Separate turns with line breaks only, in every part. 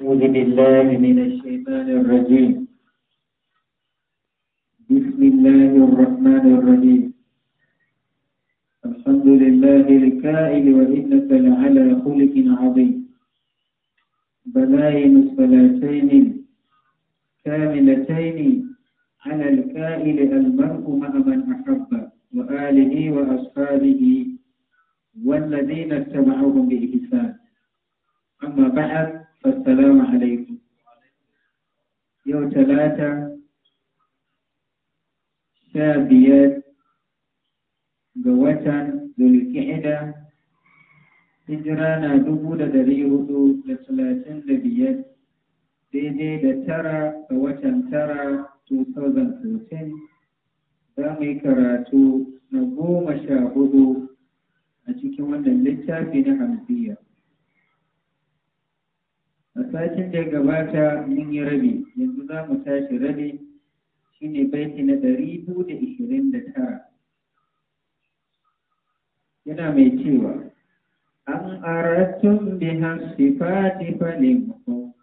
أعوذ بالله من الشيطان الرجيم بسم الله الرحمن الرحيم الحمد لله الكائن وإنك لعلى خلق عظيم بلاين الصلاتين كاملتين على الكائن المرء مع من أحب وآله وأصحابه والذين اتبعوهم بإحسان أما بعد Assalamu alaikum. Yau talata sha biyar ga watan Zulki'ida hijira na dubu da dari hudu da talatin da biyar daidai da tara ga watan tara 2013 za mu yi karatu na goma sha hudu a cikin wannan littafi na hamsiya. a sashen da ya gabata mun yi rabi yanzu za mu tashi rabi shine baiti na ɗari biyu da ishirin da tara yana mai cewa an aratun biha sifati falimkum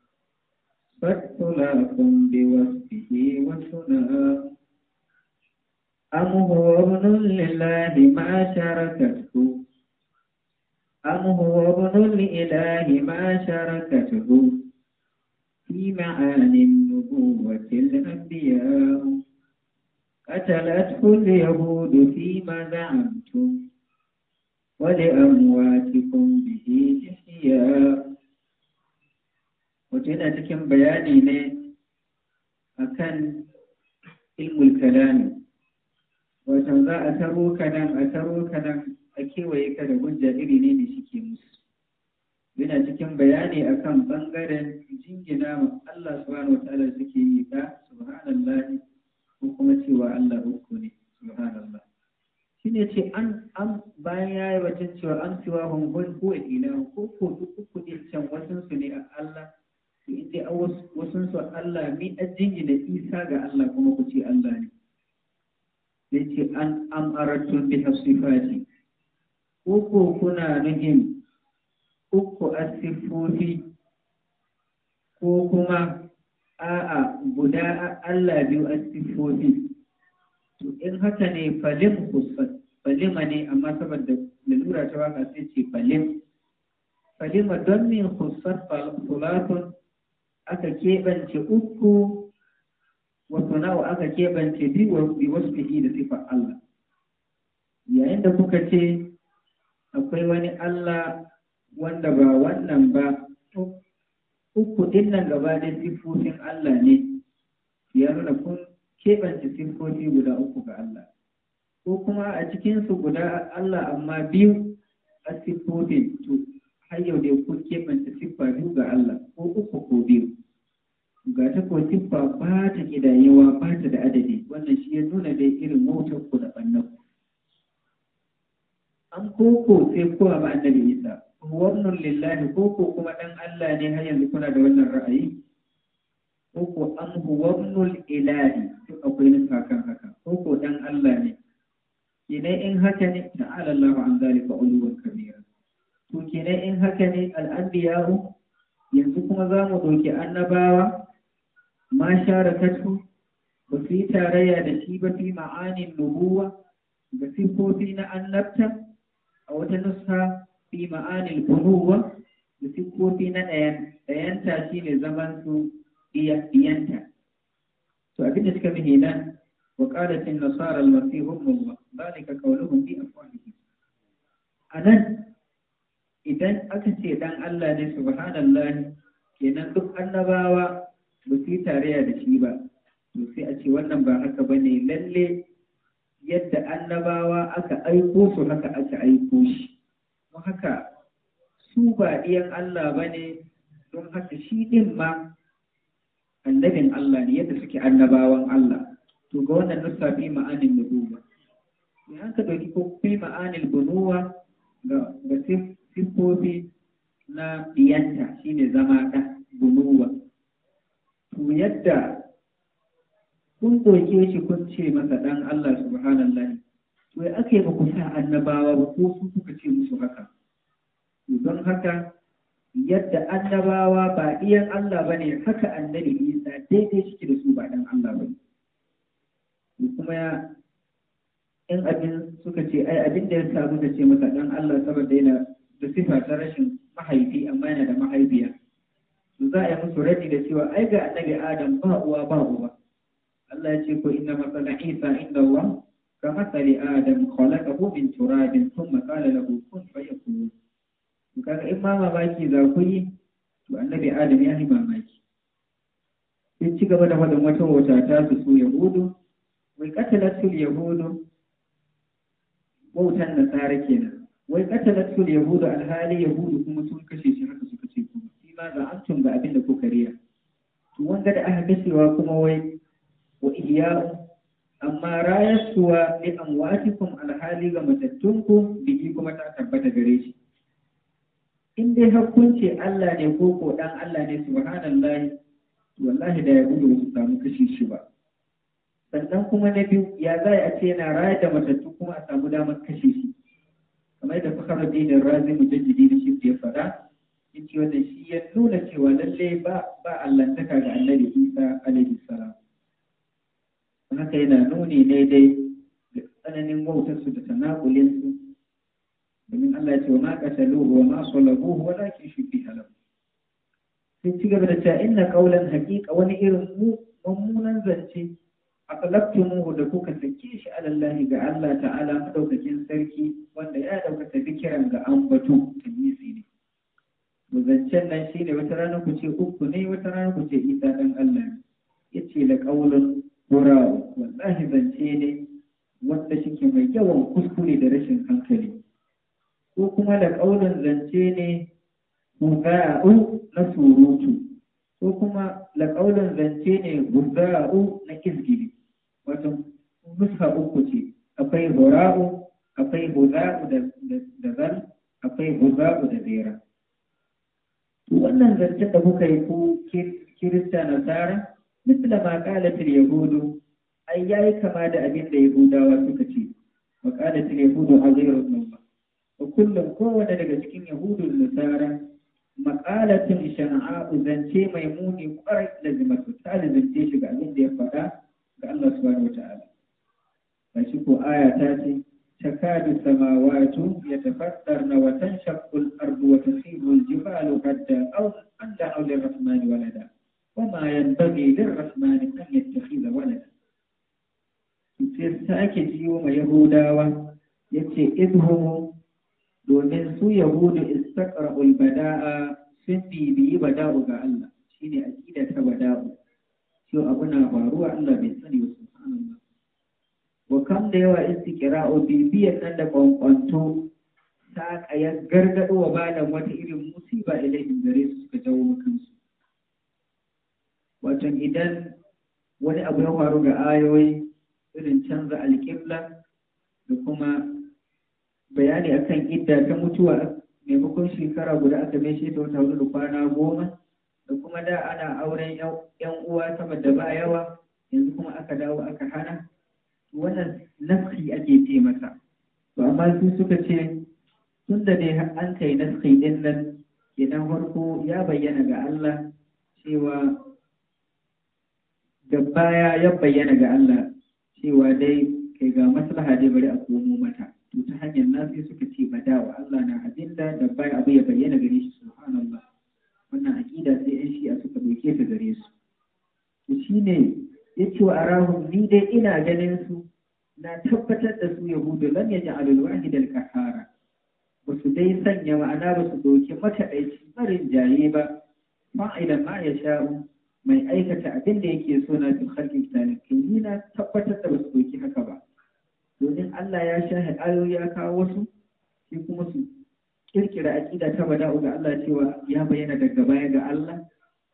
fattulakum biwasfihi wa sunaha am huwa ibnun lillahi ma sharakatkum أم هو ابن الإله ما شركته في معاني النبوة الأنبياء قتلته اليهود فيما زعمتم ولأمواتكم به إحياء وتنا تكن بياني ne akan ilmul kalami wato za a taro kanan a kewaye ka da hujja iri ne da suke musu yana cikin bayani akan bangaren jingina ma Allah subhanahu wa ta'ala suke yi ka subhanallahi ko kuma cewa Allah uku ne subhanallah shi ne ce an an bayan ya yi batun cewa an cewa hun hun ko ila ko ko duk uku din can wasun su ne a Allah to in dai wasun su Allah mi ajin da Isa ga Allah kuma ku ce Allah ne sai ce an am aratun bi hasifati uku kuna rigin uku a siffofi ko kuma a'a guda Allah biyu a siffofi to in haka ne falim kusfat falima ne amma saboda lalura ta waka sai ce falim falima don min kusfat fulatun aka keɓance uku wato nawa aka keɓance biyu wasu da siffar Allah. Yayin da kuka ce akwai wani Allah wanda ba wannan ba uku din nan gaba da siffofin Allah ne ya nuna kun keɓance siffofi guda uku ga Allah ko kuma a cikinsu guda Allah amma biyu a siffofin to har yau dai kun keɓance siffa biyu ga Allah ko uku ko biyu ga ta ko siffa ba ta kidayewa ba ta da adadi wannan shi ya nuna dai irin motar ku da ɓannan ku an koko sai kowa ma annabi isa wannan lillahi koko kuma dan Allah ne har yanzu kuna da wannan ra'ayi koko an huwannul ilahi to akwai nufa kan haka koko dan Allah ne kinai in haka ne ta'ala Allahu an zalika uluwan kabira to kinai in haka ne al'anbiya'u yanzu kuma za mu ɗauki annabawa ma share katu ba su yi tarayya da shi ba fi ma'anin nubuwa ga siffofi na annabta a wata nusa fi ma'anil buruwa, da siffofi na ɗayanta shi ne zaman su iyanta. To abin da suka mihi nan wa ƙalatin nasara almasihu mullah zalika qawluhum bi A nan, idan aka ce ɗan Allah ne subhanallahi kenan duk annabawa ba su yi tarayya da shi ba to sai a ce wannan ba haka ba ne lalle yadda annabawa aka aiko su haka aka aiko shi don haka su ba iyan Allah ba ne don haka shi ɗin ma annabin Allah ne yadda suke annabawan Allah to ga wannan nasa fi ma'anin nubuwa Me an ka ɗauki ko fi ma'anin bunuwa ga siffofi na ɗiyanta shine zama ɗan bunuwa to yadda kun doke shi kun ce masa dan Allah subhanallahi to aka yi ba sa annabawa ba ko su suka ce musu haka don haka yadda annabawa ba iyan Allah ba ne haka annabi Isa daidai shi da su ba dan Allah ba kuma ya in abin suka ce ai abin da ya sa suka ce masa dan Allah saboda yana da sifa ta rashin mahaifi amma yana da mahaifiya za a yi musu raji da cewa ai ga annabi Adam ba uwa ba uba Allah ya ce ko inna masala Isa inda Allah ka masali Adam khalaqahu min turabin thumma qala lahu kun fayakun to kaga in ma mamaki za ku yi to annabi Adam ya yi mamaki sai ci gaba da faɗin wata wata ta su su Yahudu wai qatalatul Yahudu wautan nasara kenan wai qatalatul Yahudu alhali Yahudu kuma sun kashe shi haka suka ce kuma shi ma za antum ga abin da kuka riya to wanda da aka kashewa kuma wai وإياكم amma rayarsuwa li amwatikum alhali ga matattunku biki kuma ta tabbata gare shi in dai hakkunci Allah ne ko ko Allah ne subhanallahi wallahi da ya gudu wasu, samu kashi shi ba sannan kuma na biyu ya za a ce yana rayar da matattu kuma a samu damar kashe shi kamar da fakar da razi mujaddidi da shi ya fada yace wannan shi ya nuna cewa lallai ba ba Allah ga Annabi Isa alaihi salam haka yana nuni ne dai da tsananin wautarsu da tanakulinsu domin Allah ya ce wa ma qataluhu wa ma salabuhu wa shi fi halabu sai ci gaba da ta inna ƙaunar haƙiƙa wani irin mu mummunan zance a aqlabtumuhu da kuka sake shi alallahi ga Allah ta'ala madaukakin sarki wanda ya daukata zikiran ga ta nisi ne zancen nan shine wata rana ku ce uku ne wata rana ku ce isa dan Allah ce da ƙaunar. gurawa wallahi zance ne wanda shike mai yawan kuskure da rashin hankali ko kuma da ƙaunin zance ne guzza'u na surutu ko kuma da ƙaunin zance ne guzza'u na kizgiri wato nuska uku ce akwai hora'u akwai guzza'u da zan akwai guzza'u da zera wannan zance da kuka yi ko kirista nasara misla ma yahudu ai yayi kama da abin da yahudawa suka ce wa qalatil yahudu azir ibn Allah wa kullum kowane daga cikin yahudun nasara maqalatin shana'a'u zance mai muni kwarai da zimatu ta zance shi ga abinda ya faɗa ga Allah subhanahu wata'ala ba shi ko aya ta ce takadu samawatu yatafaddarna wa tanshaqqu al-ardu wa tasiru al-jibalu hadda aw anna awlir rahmani walada وما ينبغي للرحمن أن يتخذ ولدا sake jiyo ma Yahudawa ya yace idhumu domin su Yahudu istaqra'ul bada'a sun bibiyi bada'u ga Allah shine aqida ta bada'u shi abu na faruwa Allah bai sani wa subhanallah wa kam da yawa istiqra'u bibiyan nan da kwankwanto ta kayan gargado wa malam wata irin musiba ilahin gare su suka jawo kansu wato idan wani abu ya faru ga ayoyi irin canza alƙibla da kuma bayani akan idda ta mutuwa maimakon shekara guda aka mai ta wata hudu kwana goma da kuma da ana auren yan uwa sama da ba yawa yanzu kuma aka dawo aka hana wannan nafi ake taimaka to amma su suka ce tun da dai an kai nafi din nan idan farko ya bayyana ga Allah cewa da baya ya bayyana ga Allah cewa dai kai ga maslaha dai bari a komo mata to ta hanyar nan sai suka ce wa Allah na abinda da baya abu ya bayyana gare shi subhanallah wannan aqida sai shi a suka doke ta gare su to shine yace wa arahum ni dai ina ganin su na tabbatar da su yahudu lam yaj'al al-wahid al-kahara ba su dai sanya ma'ana ba su doke mata aiki barin jaye ba fa'ilan ma ya sha'u mai aikata abin da yake so na harkin khalqi talikin ni na tabbatar da basu doki haka ba domin Allah ya sha ayoyi ya kawo wasu sai kuma su kirkira aqida ta bada, ga Allah cewa ya bayyana daga baya ga Allah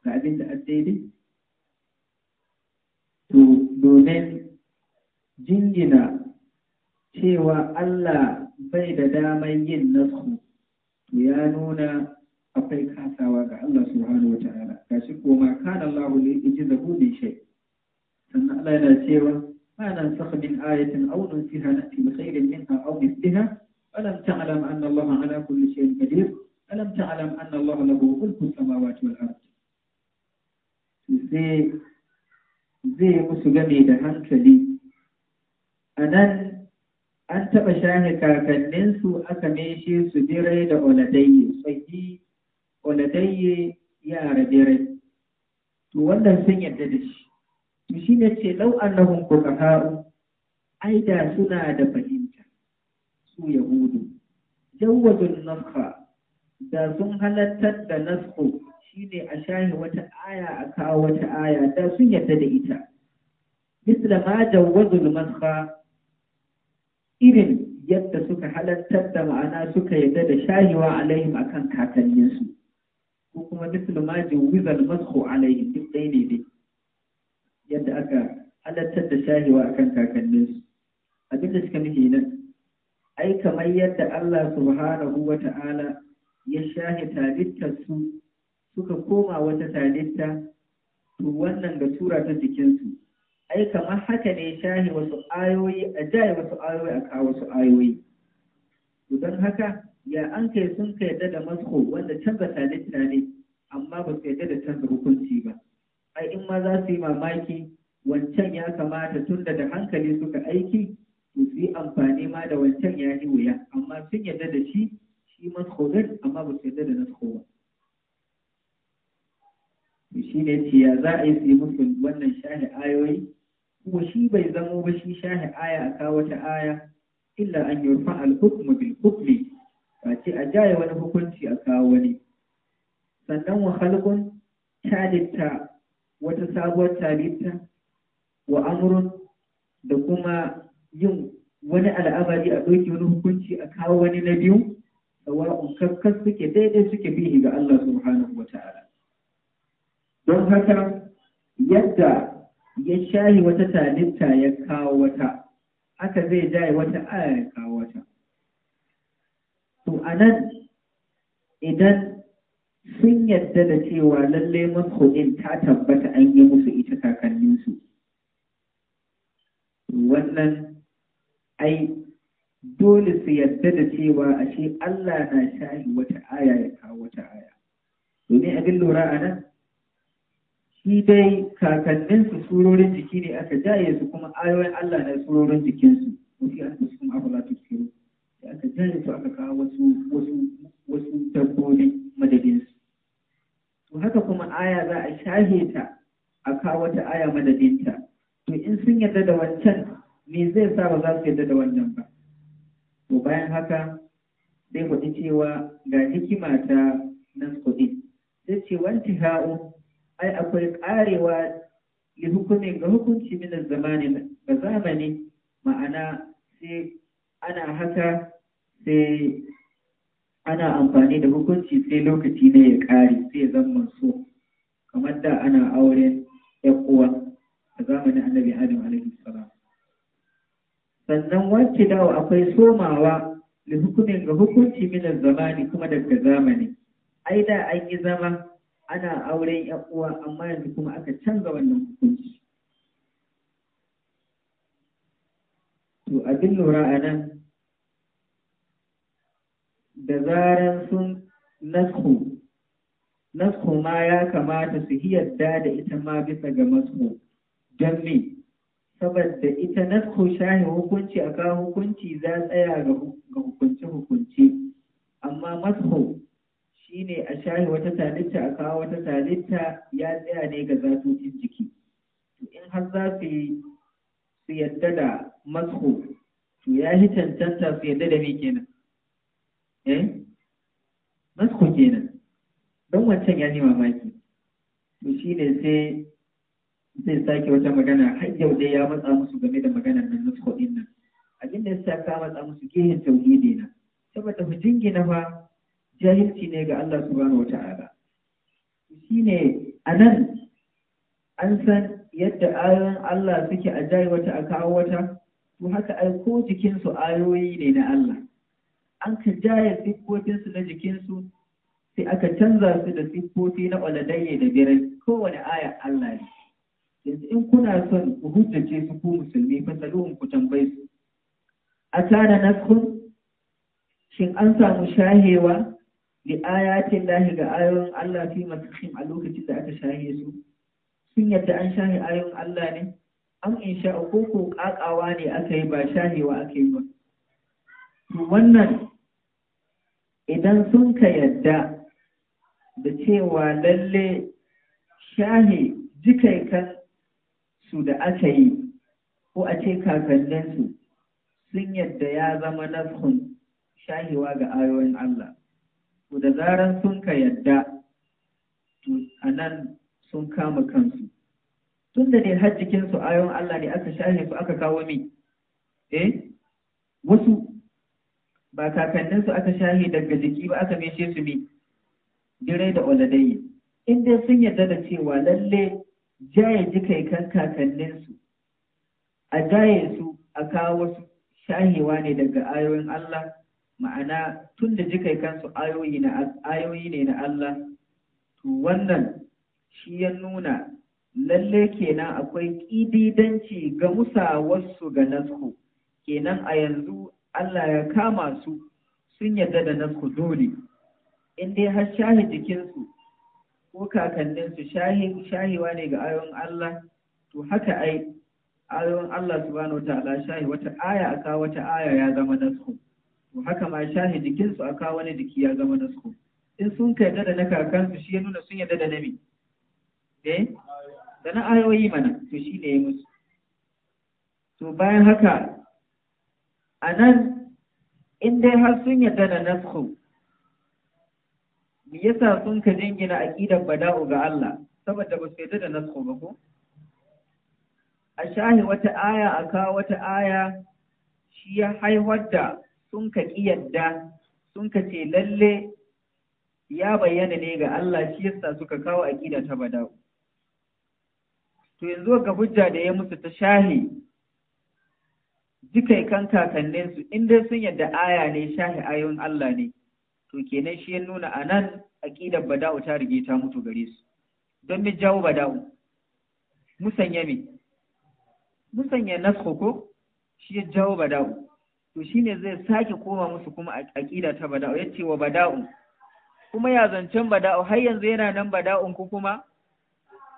ga abin da daidai to domin jingina cewa Allah bai da damar yin nasu ya nuna akwai kasawa ga Allah subhanahu wa ta'ala gashi ko ma kana Allah li yajzahu bi shay sannan Allah yana cewa ma nan sakh min ayatin aw nunsiha nati bi khairin minha aw mithliha alam ta'lam anna Allah ala kulli shay'in qadir alam ta'lam anna Allah lahu mulku samawati wal ard sai zai musu game da hankali nan, an taɓa shahe kakanninsu aka meshe su birai da oladai tsayi ɗaye yara dare to wannan sun yarda da shi to shi ne ce lau annahum fuqaha'u ai da suna da fahimta su yahudu jawwazun nafha da sun halattar da nasku shine a shahi wata aya a kawo wata aya da sun yarda da ita misla ma jawwazul masha irin yadda suka halattar da ma'ana suka yarda da shahiwa alaihim akan kakanninsu ko kuma mislu ma jawizal masku alaihi duk ɗaya ne dai yadda aka halartar da shahewa akan kakanninsu abinda suka nufi nan ai kamar yadda Allah subhanahu wa ta'ala ya shahe talittar su suka koma wata talitta to wannan ga tura ta jikinsu ai kamar haka ne shahe wasu ayoyi a jaye wasu ayoyi a kawo wasu ayoyi to don haka ya an kai sun ka yadda da masko wanda canza tare tunani amma ba su yadda da canza hukunci ba a in ma za su yi mamaki wancan ya kamata tun da da hankali suka aiki su yi amfani ma da wancan ya yi wuya amma sun yadda da shi shi masko amma ba su yadda da nasko ba shi ne ce ya za a yi su yi musu wannan shahi ayoyi kuma shi bai zamo ba shi shahi aya a kawo aya illa an yi rufa al-hukmu bil face a jaye wani hukunci a kawo wani sannan wa halkun talitta wata sabuwar talitta wa amurin da kuma yin wani al'amari a ɗauki wani hukunci a kawo wani na biyu sawa'un kakkas suke daidai suke bihi ga Allah subhanahu wa ta'ala don haka yadda ya shayi wata talitta ya kawo wata haka zai jaye wata aya kawo wata to a nan idan sun yadda da cewa lalle masaukin ta tabbata an yi musu ita kakanninsu wannan ai dole su yadda da cewa ashe Allah na shahi wata aya ya kawo wata aya domin abin lura a nan shi dai kakanninsu surorin jiki ne aka jaye su kuma ayoyin Allah na surorin jikinsu wasu an su kuma abu latin da zai janye su aka kawo wasu wasu wasu dabbobi madadinsu to haka kuma aya za a shahe ta a kawo wata aya madadinta to in sun yarda da wancan me zai sa ba za su yarda da wannan ba to bayan haka zai faɗi cewa ga hikima ta nan kuɗi zai ce wanti ha'u ai akwai ƙarewa li hukumin ga hukunci min zamani ga zamani ma'ana sai ana haka sai ana amfani da hukunci sai lokaci ne ya ƙare sai ya zama so kamar da ana auren uwa a zamanin annabi adam alaihi salam sannan wacce dawo akwai somawa da hukumin ga hukunci min zamani kuma daga zamani ai da an yi zama ana auren uwa amma yanzu kuma aka canza wannan hukunci to abin lura a nan da zaran sun nasku nasku ma ya kamata su yadda da ita ma bisa ga masku don me saboda ita nasku shahi hukunci a kawo hukunci za tsaya ga hukunci hukunci amma masku shine a shahi wata talitta a kawo wata talitta ya tsaya ne ga zatocin jiki in har za su yi su yadda da masku to ya shi cancanta su yadda da me kenan eh nasu kenan don wancan ya ji mamaki to shi ne sai zai sake wata magana har yau dai ya matsa musu game da maganar nan nasu kuɗin nan abin da sa ka matsa musu gehen tauhidi na saboda mu jingina fa jahilci ne ga Allah subhanahu wata'ala shi ne a nan an san yadda ayoyin Allah suke a jayi wata a kawo wata to haka ai ko jikinsu ayoyi ne na Allah an ka jaya siffofinsu na jikinsu sai aka canza su da siffofi na ƙwaladayye da birai kowane aya Allah ne yanzu in kuna son ku hujjace su ku musulmi fasaluhun ku tambayi su a tana shin an samu shahewa li ayatin lahi ga ayoyin Allah fi masakhin a lokacin da aka shahe su sun yadda an shahe ayoyin Allah ne an insha ko ko kakawa ne aka yi ba shahewa aka yi ba wannan idan sun ka yadda da cewa lalle shahi jikaikan su da aka yi ko a ce kakanninsu sun yadda ya zama nafhun shahiwa ga ayoyin Allah to da zaran sun ka yadda a nan sun kama kansu tun da ne har jikinsu ayoyin Allah ne aka shahe su aka kawo mi eh wasu ba kakanninsu aka shahe daga jiki ba aka meshe su mi girai da oladai in dai sun yarda da cewa lalle jaye jikai kan kakanninsu a jaye su a kawo su shahewa ne daga ayoyin Allah ma'ana tun da kai kansu ayoyi ne na Allah to wannan shi ya nuna lalle kenan akwai kididanci ga musawarsu ga nasku kenan a yanzu Allah ya kama su sun yarda da nasu dole in dai har shahi jikinsu ko kakanninsu shahiwa ne ga ayon Allah to haka ai ayon Allah subhanahu wataala shahi wata aya aka wata aya ya zama nasu to haka ma shahi jikinsu aka wani jiki ya zama nasu in sun kai yarda da na kakansu shi ya nuna sun yarda da nabi eh da na ayoyi mana to shi ne ya musu to bayan haka a nan in dai har sun yarda da nasu me yasa sun ka jingina aqidar bada'u ga Allah saboda ba su yarda da nasu ba ko a shahi wata aya a kawo wata aya shi ya haihuwar da sun ka kiyarda sun ka ce lalle ya bayyana ne ga Allah shi yasa suka kawo aƙida ta bada'u to yanzu ga hujja da ya musu ta shahi jikai kan kakannin su in dai sun yadda aya ne shahi ayoyin Allah ne to kenan shi ya nuna anan aqidar bada'u ta rige ta mutu gare su don mi jawo bada'u musanya me musanya nasko ko shi ya jawo bada'u to shine zai sake koma musu kuma aqida ta bada'u yace wa bada'u kuma ya zancen bada'u har yanzu yana nan bada'un ku kuma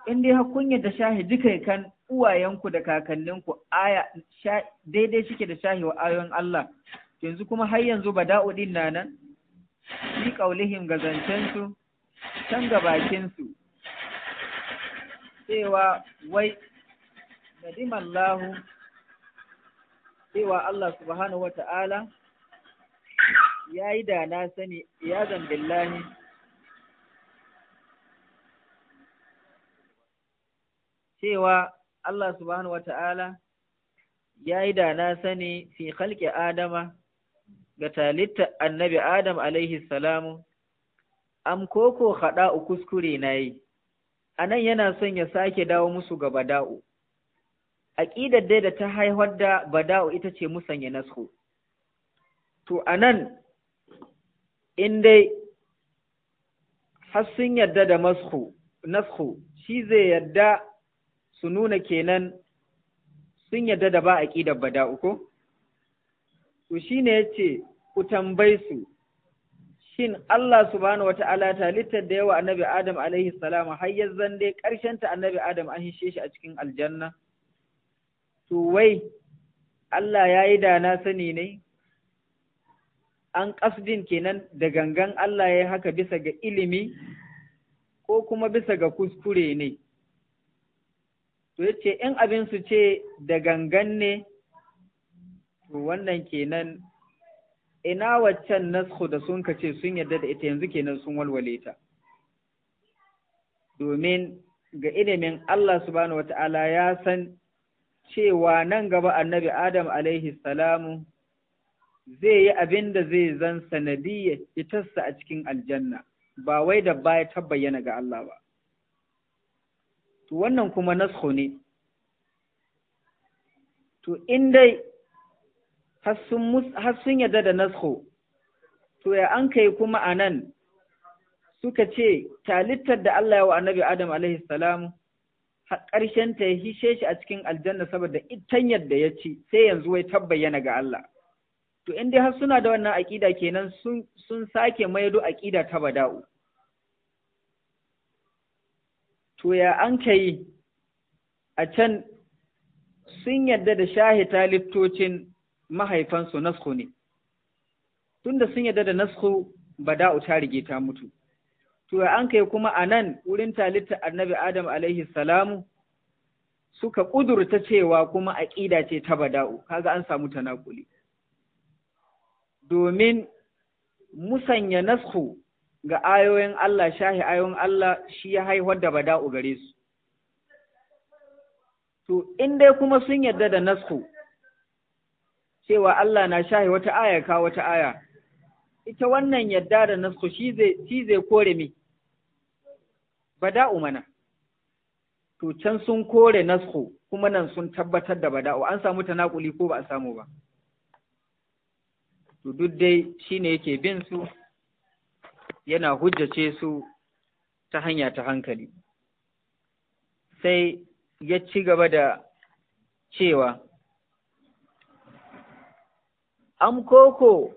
in dai har kun yadda shahi kai kan uwayenku da kakanninku aya daidai shike da shahiwa ayoyin Allah yanzu kuma har yanzu bada'u din na nan fi ga zancensu, can bakinsu. cewa wai nadimallahu cewa Allah subhanahu wa ta'ala ya yi da na sani ya zambillahi cewa Allah subhanahu wa ta'ala ya yi da na sani fi halƙe Adama ga talitta annabi Adam alaihi salamu, am koko u kuskure na yi, a nan yana son ya sake dawo musu ga bada'u. ƙidar dai da ta haihar da bada'u ita ce musanya nasu. To, a nan, in dai har sun yarda da nasu, shi zai yarda su nuna kenan sun yarda da ba a ƙi da uku? bada'u shi ne ya ce ku tambay su shin Allah subhanahu wata'ala littar da yawa annabi Adam alaihi salama har yanzu dai ƙarshen ta annabi Adam an hishe shi a cikin aljanna to wai Allah ya yi da na sani ne an ƙasdin kenan da gangan Allah ya yi haka bisa ga ilimi ko kuma bisa ga kuskure ne to yace in abin su ce da gangan ne to wannan kenan ina waccan nasu da sun kace sun yarda da ita yanzu kenan sun walwale ta domin ga ilimin Allah subhanahu wata'ala ya san cewa nan gaba annabi Adam alaihi salamu zai yi abin da zai zan sanadiyya fitarsa a cikin aljanna ba wai da baya ta bayyana ga Allah ba to wannan kuma nasko ne to in dai har sun yarda da nasko to ya an kai kuma a nan suka ce talittar da Allah ya wa annabi Adam alaihi salam ƙarshen ta ya hishe shi a cikin aljanna saboda itan yadda ya ci sai yanzu wai tabbayyana ga Allah to in dai har suna da wannan aƙida kenan sun sake maido aƙida ta bada'u to ya an kai a can sun yarda da shahita liftocin mahaifansu nasku ne tunda sun yarda da nasku bada'u ta rige ta mutu to ya an kai kuma a nan wurin talitta annabi adam alaihi salamu suka ƙudurta cewa kuma aƙida ce ta bada'u kaga an samu ta tanakuli domin musanya nasku ga ayoyin Allah shahi ayoyin Allah shi ya haihuwar da bada'u gare su to in dai kuma sun yarda da nasku cewa Allah na shahi wata aya ka wata aya ita wannan yarda da nasku shi zai kore mi bada'u mana to can sun kore nasku kuma nan sun tabbatar da bada'u an samu ta naƙuli, ko ba a samu ba to duk dai shine yake bin su yana hujjace su ta hanya ta hankali sai ya ci gaba da cewa am koko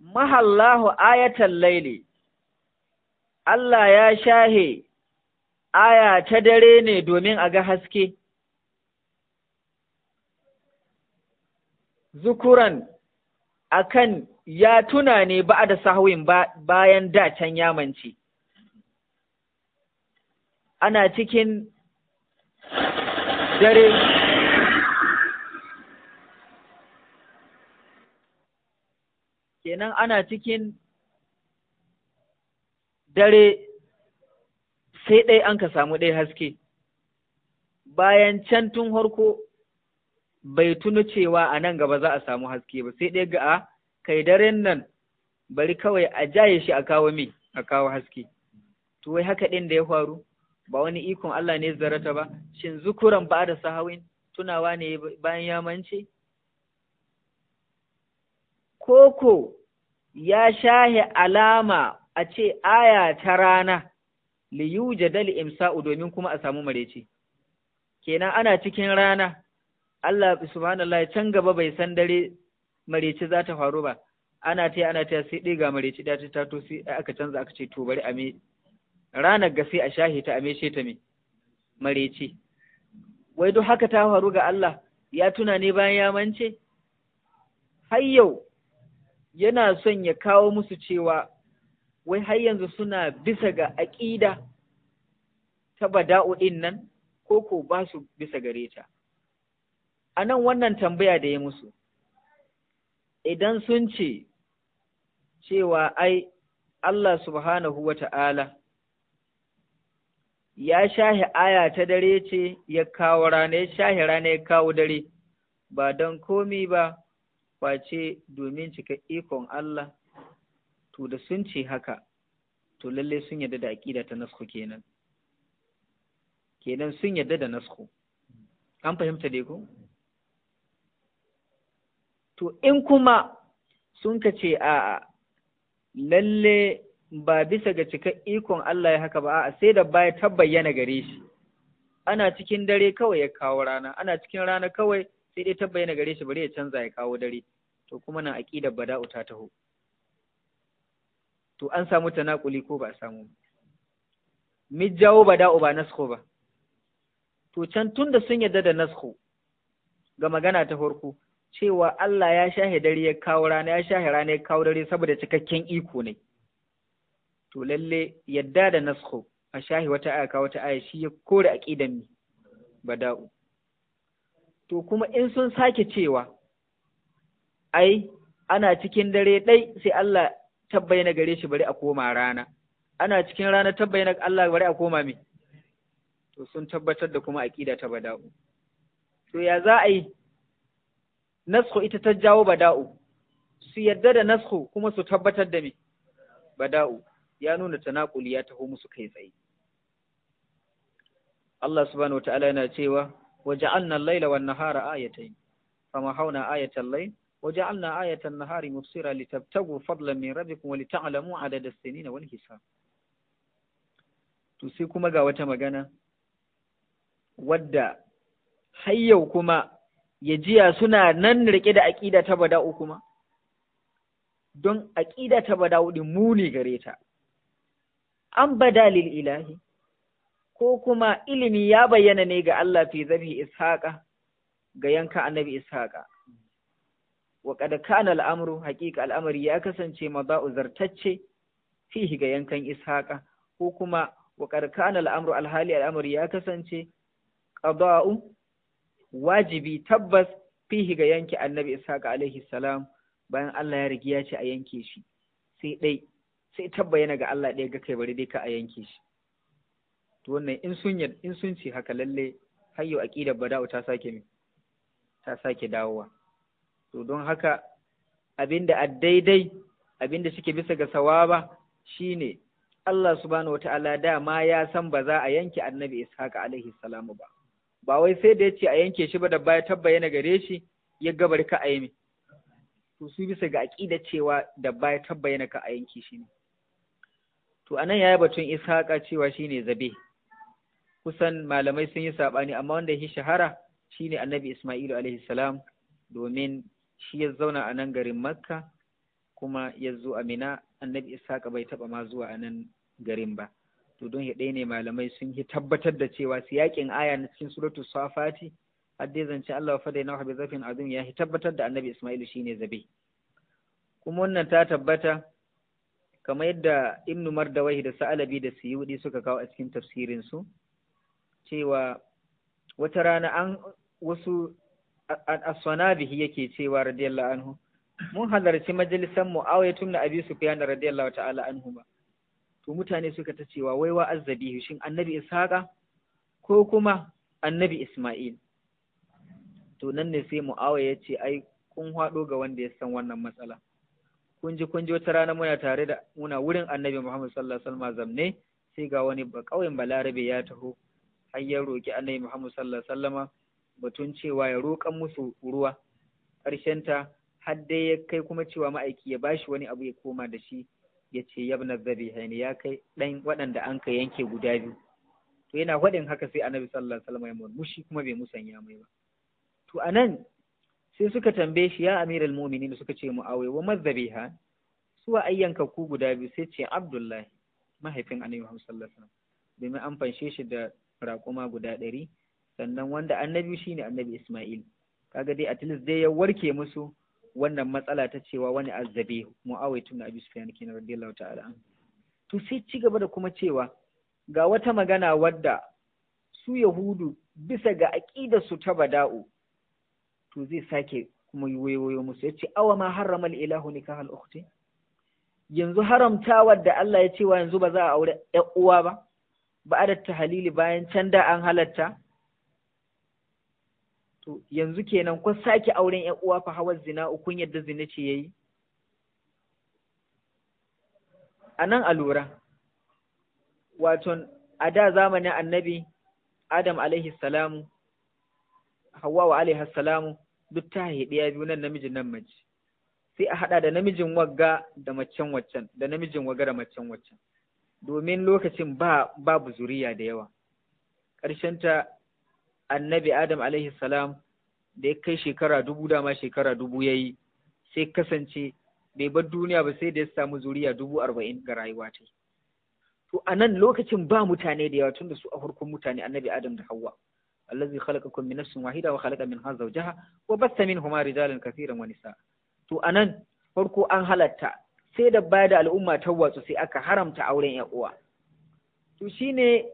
mahallahu ayatan laili Allah ya shahe aya ta dare ne domin a ga haske zukuran akan ya tuna ne ba da sahwin bayan da can ya mance ana cikin dare kenan ana cikin dare sai dai an ka samu ɗaya haske bayan can tun harko bai tunu cewa a nan gaba za a samu haske ba sai dai ga a ah, kai daren nan bari kawai a jaye shi a kawo me a kawo haske to wai haka ɗin da ya faru ba wani ikon Allah ne zarata ba shin zukuran ba da sahawin tunawa ne bayan ya mance koko ya shahe alama a ce aya ta rana liyu jadal imsa'u domin kuma a samu marece kenan ana cikin rana Allah subhanallah can gaba bai san dare Marece za ta faru ba ana ta ana ta sai ɗiga mareci da ta tato sai aka canza aka ce to bari a me ranar ga sai a shahi ta a ta me mareci wai duk haka ta faru ga Allah ya tuna ne bayan ya mance har yau yana son ya kawo musu cewa wai har yanzu suna bisa ga aƙida ta bada'u ɗin nan ko ko ba su bisa gareta. Anan wannan tambaya da ya musu idan sun ce cewa ai Allah subhanahu wa ta'ala ya shahi aya ta dare ce ya kawo rana ya shahi rana ya kawo dare ba don komi ba kwace domin cika ikon Allah to da sun ce haka to lalle sun yadda da aƙida ta nasko kenan kenan sun yarda da nasko an fahimta dai ko to in kuma sun ka ce a lalle ba bisa ga cika ikon Allah ya haka ba a sai da baya ta bayyana gare shi ana cikin dare kawai ya kawo rana ana cikin rana kawai sai dai ta bayyana gare shi bari ya canza ya kawo dare to kuma nan aqida bada'u ta taho to an samu ta naƙuli ko ba a samu mijjawo bada'u ba nasko ba to can tunda sun yadda da nasko ga magana ta farko cewa Allah ya shahe dare ya kawo rana ya shahe rana ya kawo dare saboda cikakken iko ne to lalle yadda da nasko a shahe wata aya kawo wata aya shi ya kore aqidan mi bada'u to kuma in sun sake cewa ai ana cikin dare ɗai sai Allah tabbai na gare shi bari a koma rana ana cikin rana tabbai na Allah bari a koma mi to sun tabbatar da kuma aqida ta bada'u to ya za a yi Nasku ita ta jawo bada'u su yadda da Nasku kuma su tabbatar da me bada'u ya nuna tanakuli ya taho musu kai tsaye Allah subhanahu wataala yana cewa waja'alna al-laila wan-nahara ayatayn famahawna ayatal layl waja'alna ayatan nahari mufsira litabtagu fadlan min rabbikum wa lita'lamu adada as-sinina wal hisab to sai kuma ga wata magana wadda har yau kuma ya jiya suna nan rike da aƙida ta bada'u kuma don aƙida ta bada'u ɗin muni gare ta an badalil ilahi ko kuma ilimi ya bayyana ne ga Allah fi zabi ishaqa ga yanka annabi ishaqa wa qad kana al'amru haqiqa al'amari ya kasance mada'u zartacce fihi ga yankan ishaqa ko kuma wa qad kana al'amru alhali al'amari ya kasance qada'u wajibi tabbas fihi ga yanke annabi ishaq alaihi salam bayan Allah ya rigi ya ce a yanke shi sai dai sai tabbayana ga Allah ɗaya ga kai bari dai ka a yanke shi to wannan in sun in sun ce haka lalle har yau aqidar bada'u ta sake ta sake dawowa to don haka abinda a daidai abinda suke bisa ga sawaba shine Allah subhanahu wataala dama ya san ba za a yanke annabi Ishaq alaihi salamu ba ba wai sai da ya ce a yanke shi ba da baya yana gare shi ya gabar ka a yi to su bisa ga aƙida cewa da baya yana ka a yanke shi ne to anan yayi batun ishaqa cewa shine zabe kusan malamai sun yi saɓani amma wanda ya shahara shine annabi Ismailu alaihi salam domin shi ya zauna a nan garin Makka kuma ya zo Amina annabi Ishaqa bai taɓa ma zuwa a nan garin ba to don ya ne malamai sun yi tabbatar da cewa siyakin aya na cikin suratu safati har dai zance Allah fa dai nahu bi zafin azim ya tabbatar da annabi Isma'il shine zabe kuma wannan ta tabbata kamar yadda Ibn Mardawahi da Sa'alabi da Suyudi suka kawo a cikin tafsirin su cewa wata rana an wasu as-sanabihi yake cewa radiyallahu anhu mun halarci majalisan Muawiya tun da Abi Sufyan radiyallahu ta'ala anhu ba to mutane suka ta cewa wai wa azzabi shin annabi ishaqa ko kuma annabi isma'il to nan ne sai mu'awa ya ce ai kun haɗo ga wanda ya san wannan matsala kun ji kun ji wata rana muna tare da muna wurin annabi muhammad sallallahu alaihi wasallam zamne sai ga wani ba. kauyen balarabe ya taho har ya roki annabi muhammad sallallahu alaihi wasallama batun cewa ya roƙan musu ruwa Karshen ta har dai ya kai kuma cewa ma'aiki ya bashi wani abu ya koma da shi ya ce yabna zabihaini ya kai ɗan waɗanda an ka yanke guda biyu to yana faɗin haka sai annabi sallallahu alaihi wasallam ya mushi kuma bai musanya mai ba to anan sai suka tambaye shi ya amiral mu'minin suka ce mu mu'awiya wa Su suwa ayyanka ku guda biyu sai ce abdullahi mahaifin annabi muhammad sallallahu alaihi wasallam domin an fanshe shi da raƙuma guda ɗari sannan wanda annabi shi ne annabi isma'il kaga dai at least dai ya warke musu wannan matsala ta cewa wani azzabe mu'awai na abi da kenan radiyallahu ta'ala to sai ci gaba da kuma cewa ga wata magana wadda su yahudu bisa ga aƙidar su ta bada'u to zai sake kuma yoyoyo musu ce awa ma haramar ilahu ne kan ukhti yanzu haramta wadda Allah ya cewa yanzu ba za a aure ƴan uwa ba ba da tahalili bayan can da an halarta. to yanzu kenan kun sake auren ƴan uwa fa hawa zina kun yadda zina ce yayi anan lura wato a da zamanin annabi adam alaihi salamu hawawa alaihi salamu duk ta ɗaya biyu nan namijin nan mace sai a haɗa da namijin wagga da macen waccan da namijin wagga da macen waccan domin lokacin ba babu zuriya da yawa ƙarshenta annabi Adam alaihi salam da ya kai shekara dubu dama shekara dubu ya yi sai kasance bai bar duniya ba sai da ya samu zuriya dubu arba'in ga rayuwa ta to a nan lokacin ba mutane da yawa tun da su a farkon mutane annabi Adam da Hawwa allazi khalaqakum min nafsin wahida wa khalaqa minha zawjaha wa basta minhuma rijalan katiran wa nisaa to a nan farko an halatta sai da baya da al'umma ta watsu sai aka haramta auren ya uwa to shine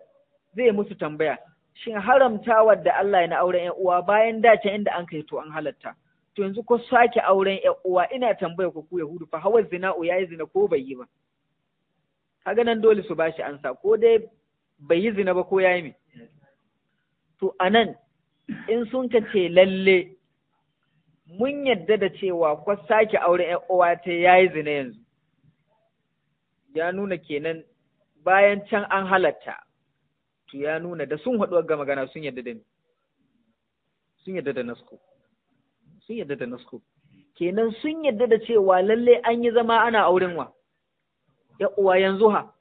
zai musu tambaya shin haramta wadda Allah ya na auren ‘yan uwa bayan dace inda an kai to an halatta, to yanzu ko sake auren ‘yan uwa ina tambaya ku Yahudu fa hawa zina'u ya yi zina ko bai yi ba. Kaga nan dole su bashi ansa ko dai bai yi zina ba ko ya yi mi. To a nan in sun ka ce lalle mun yadda da cewa ko sake auren ‘yan uwa ta ya zina yanzu. Ya nuna kenan bayan can an halatta. to ya nuna da sun haɗu ga magana sun yadda da ni sun yadda da nasko sun yadda da nasko kenan sun yadda da cewa lalle an yi zama ana auren wa ya uwa yanzu ha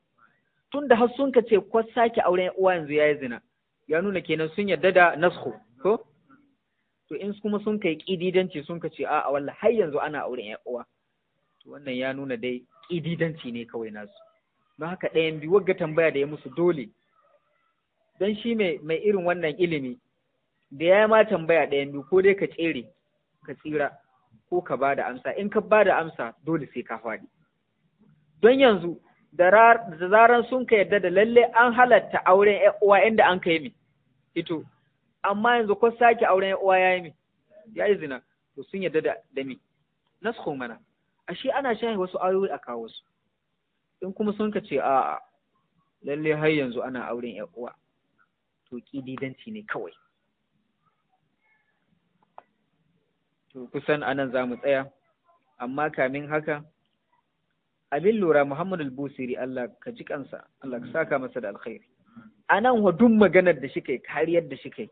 tun da har sun ka ce kwa sake auren ya uwa yanzu ya yi zina ya nuna kenan sun yadda da nasko ko to in kuma sun kai kididanci sun ka ce a a wallahi har yanzu ana auren ya uwa to wannan ya nuna dai kididanci ne kawai nasu don haka ɗayan biyu wagga tambaya da ya musu dole don shi mai irin wannan ilimi da ya ma tambaya ɗaya biyu ko dai ka tsere ka tsira ko ka ba da amsa in ka ba da amsa dole sai ka faɗi don yanzu da zaran sun ka yarda da lalle an halatta auren uwa inda an kai yi ito amma yanzu ko sake auren uwa ya yi mi ya yi zina to sun yarda da mi su mana ashe ana shahi wasu ayoyi a kawo su in kuma sun ka ce a'a lalle har yanzu ana auren uwa to ƙididanci ne kawai to kusan anan za mu tsaya amma kamin haka abin lura Muhammadu al-Busiri Allah ka ji kansa Allah ka saka masa da alkhairi anan wa duk maganar da shi kai kariyar da shi kai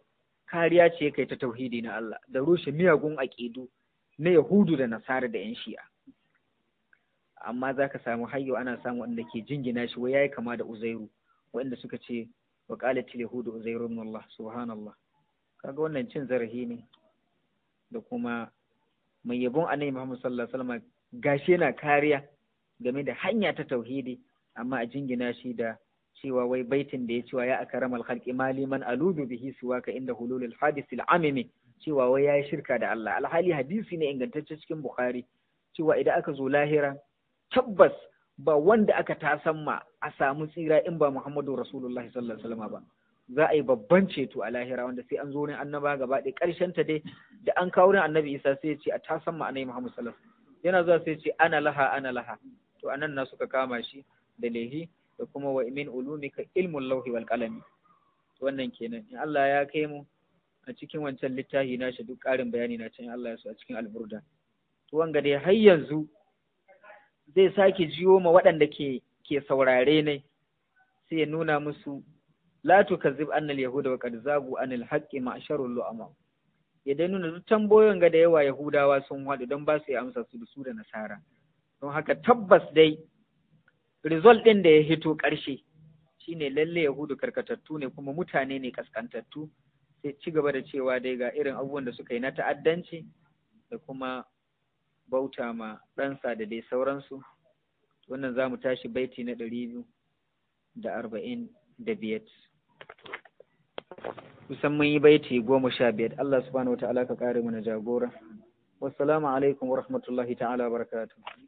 kariya ce kai ta tauhidi na Allah da rushe miyagun aƙidu na Yahudu da Nasara da 'yan Shi'a amma za ka samu hayyo ana samu wanda ke jingina shi wai ya yi kama da Uzairu waɗanda suka ce wa qalat al-yahud uzair Allah subhanallah kaga wannan cin zarafi ne da kuma mai yabon annabi Muhammad sallallahu alaihi wasallam gashi yana kariya game da hanya ta tauhidi amma a jingina shi da cewa wai baitin da ya cewa ya akaram al-khalqi mali man aludu bihi siwaka inda hululul hadith al-amimi cewa wai ya yi shirka da Allah alhali hadisi ne ingantacce cikin Bukhari cewa idan aka zo lahira tabbas ba wanda aka tasan ma a samu tsira in ba Muhammadu Rasulullahi sallallahu alaihi wasallam ba za a yi babban ceto a lahira wanda sai an zo ne annaba gaba ɗaya ƙarshen ta dai da an kawo ne annabi Isa sai ya ce a tasan ma anai Muhammadu sallallahu alaihi yana zuwa sai ya ce ana laha ana laha to anan na suka kama shi da lehi da kuma wa min ulumika ilmul lawhi wal qalami wannan kenan in Allah ya kai mu a cikin wancan littafi na shi duk ƙarin bayani na can Allah ya so a cikin alburda to wanga dai har yanzu zai sake jiyo ma waɗanda ke ke saurare ne sai ya nuna musu la tukazzib annal yahuda wa qad zagu anil haqqi ma'sharul lu'ama ya dai nuna duk tambayoyin ga da yawa yahudawa sun haɗu don ba su yi amsa su da su da nasara don haka tabbas dai result ɗin da ya hito karshe shine lalle yahudu karkatattu ne kuma mutane ne kaskantattu sai ci gaba da cewa dai ga irin abubuwan da suka yi na ta'addanci da kuma bauta ma ɗansa da dai sauransu wannan za mu tashi baiti na ɗari biyu da arba'in da biyar kusan mun yi baiti goma sha biyar Allah subhanahu wa ta'ala ka kare mu na jagora wassalamu alaikum wa rahmatullahi ta'ala barakatuh